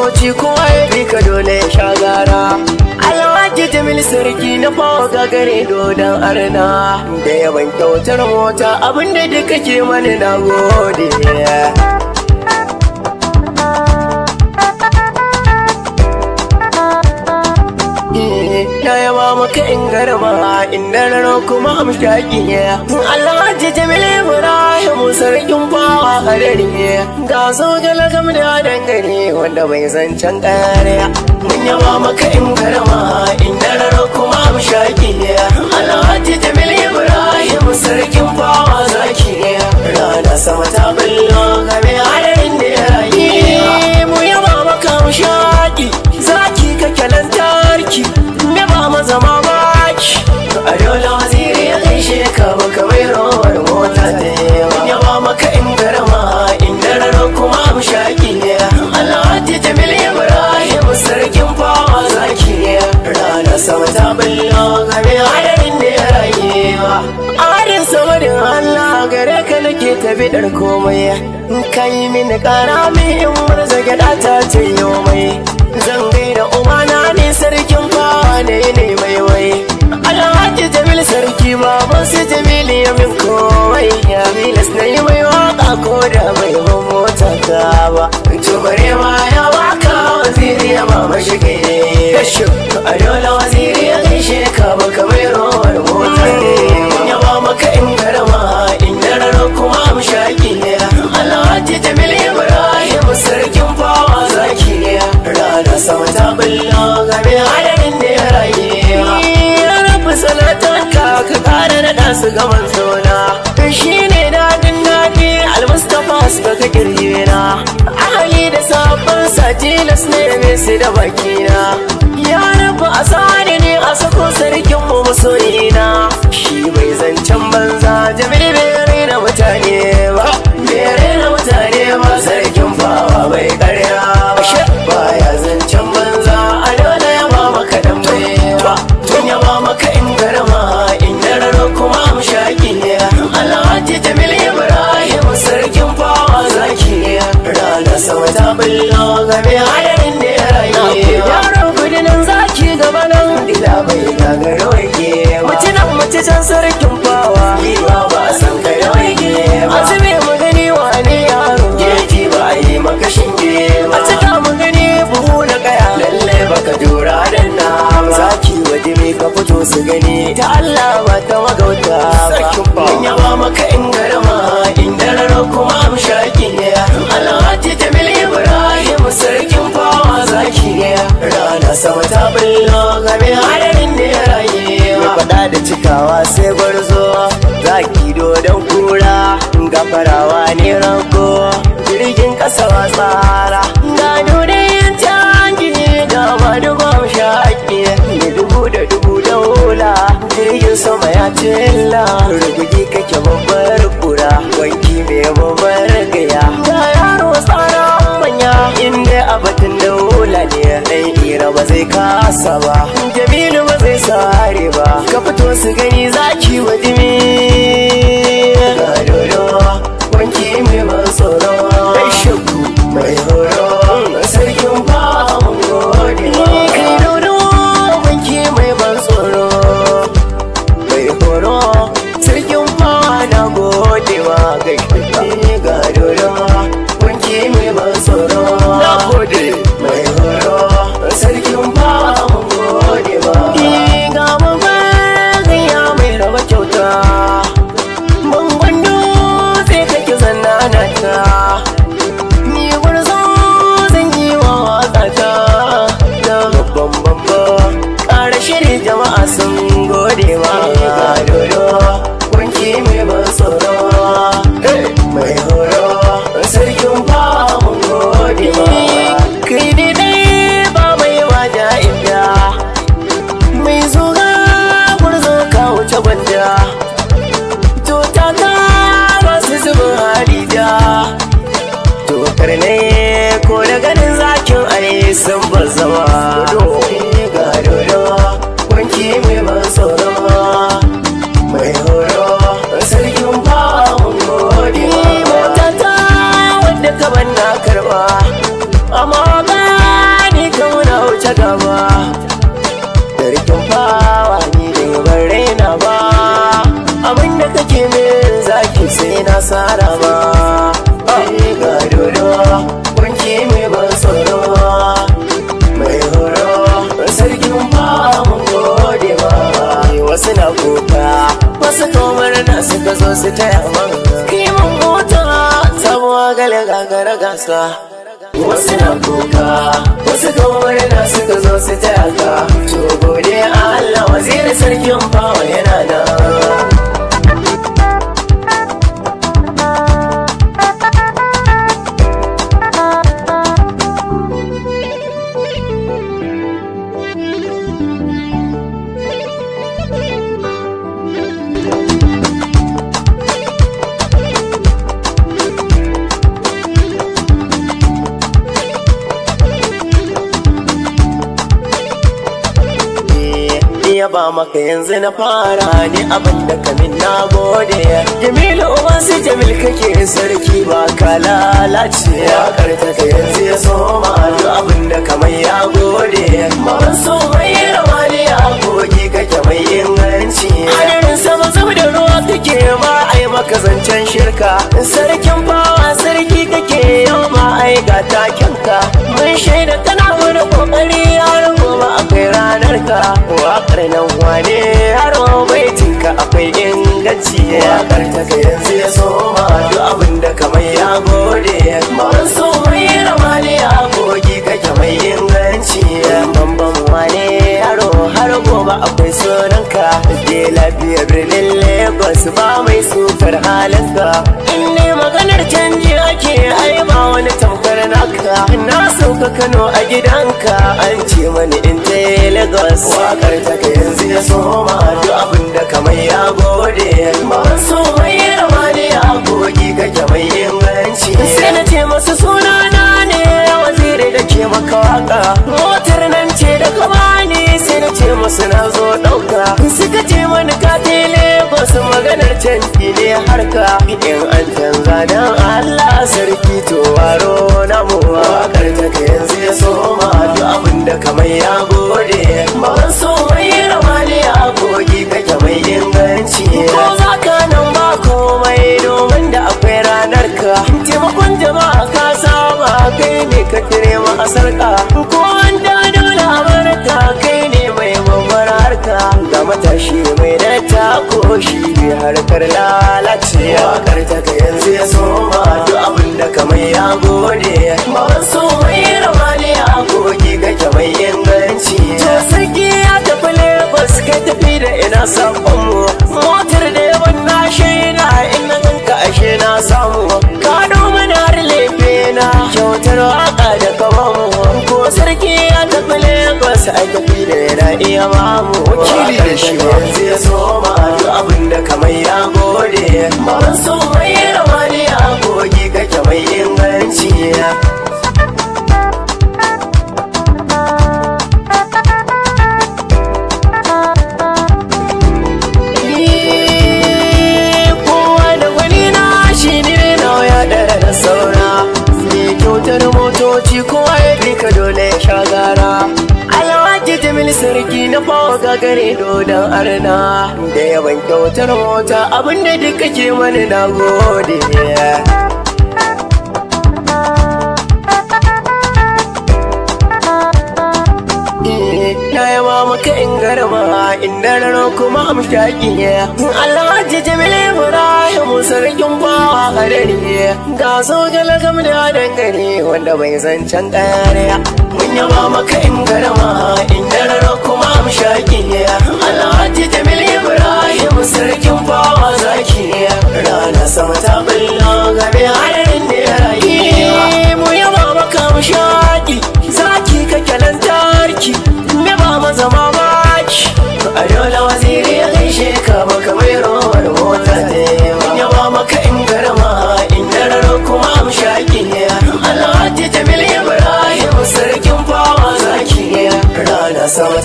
bauchi ya bi ka dole sha gara alhaji jamil sarki na fawa gagare dodon arna da yawan kyautar mota abinda da kake mani na gode eh, Na yaba maka in garba, rano kuma amshaki, Allah Alhaji Jamil Ibrahim sarkin bawa harari ga zo galagam da dangane wanda bai zancen kare mun yawa maka in karama in dararo kuma mu shaƙi Alhaji Jamil Ibrahim sarkin da bidar komai kai mini kara min in murzage ta ce yau mai su gaban zona shi ne dadin dadi almustapha su ga kirje na ahali da sabon sa las ne me su da bakina ya rabu a sani ne a sako sarkin mu masoyina shi bai zancen banza jami'i bai raina mutane ba bai raina mutane ba sarkin bawa bai karya Allah bai gagara wake ba Mace nan mace can sarkin bawa Yiwa ba san ka yawage ba Masu me magani wane yaro Geji ba yi makashin shinge ba A magani buhu na kaya Lalle baka jura da nama Zaki waje me ka fito su gani Ta Allah ba ta magauta ba Sarkin bawa Mun maka inga ne rago jirgin kasa tsara ga duniyan ta gini da madugon shaƙi da dubu da dubu daula jirgin sama ya cilla rubuji kake babbar kura wanki mai babbar gaya ga yaro tsara manya inda a batun daula ne ɗan ira ba zai kasa ba jamilu ba zai sare ba ka fito su gani zaki wa dimi better December su taya man kiman mota sabuwa gale gagara gasa wasu na kuka wasu kawai na suka zo su taya ka to gode Allah wazirin sarkin bawa yana da ya ba maka yanzu na fara ni abin da kamin na gode jamilu uwa sai jamil kake sarki ba ka lalace ya karta ka yanzu ya soma duk abin da kamar ya gode ban so mai rawa ne ya ka kake mai inganci hadarin sama zub da ruwa kake ma ai maka zancen shirka sarkin fawa sarki kake yau ma ai ga takinka mun shaida kana ka waƙar nan wane haro baitinka akwai inganci waƙar ta ka yanzu ya soma duk abin da ka mai ya gode ma so mai ne gogi ka kake mai inganci bamban wane haro har gobe akwai sunanka je lafiya birnin lagos ba mai sufar halinka in ne maganar canji ake ai ba wani tamkar naka na sauka kano a gidanka an ce mani in wakar ta yanzu ya soma duk abin da kamar ya gode masu suka ce wani katile ba su maganar canji ne harka in an canza don Allah sarki to waro na mu wakar ta ka yanzu ya soma duk abin da mai ya gode ba so mai rama ne a gogi kake mai inganci ko za ka nan ba komai domin da akwai ranar ka taimakon jama'a ka saba kai ne ka kire ma asarka ko shi ne harkar lalacewa ta ka yanzu ya soma duk abin da kamar ya gode ba so mai rawa ne a goge kake mai inganci to sarki ya tafi lagos ka tafi da ina sakon mu da na iya babu wakili da shi ba yanzu ya a duk abin da kamar ya gode ban so mai rawani a gogi kake mai inganci Saura, mai kyautar motoci kowa dafa ga gare dodon arna da yawan kyautar mota abinda duk kake mani na gode eh, Na yaba maka in garba in dararo kuma amshaki in Allah ji jamil Ibrahim sarkin bawa harari ga so galagam da dangane wanda bai zancen ƙarya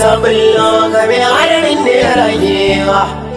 ta bullo game da ya ragewa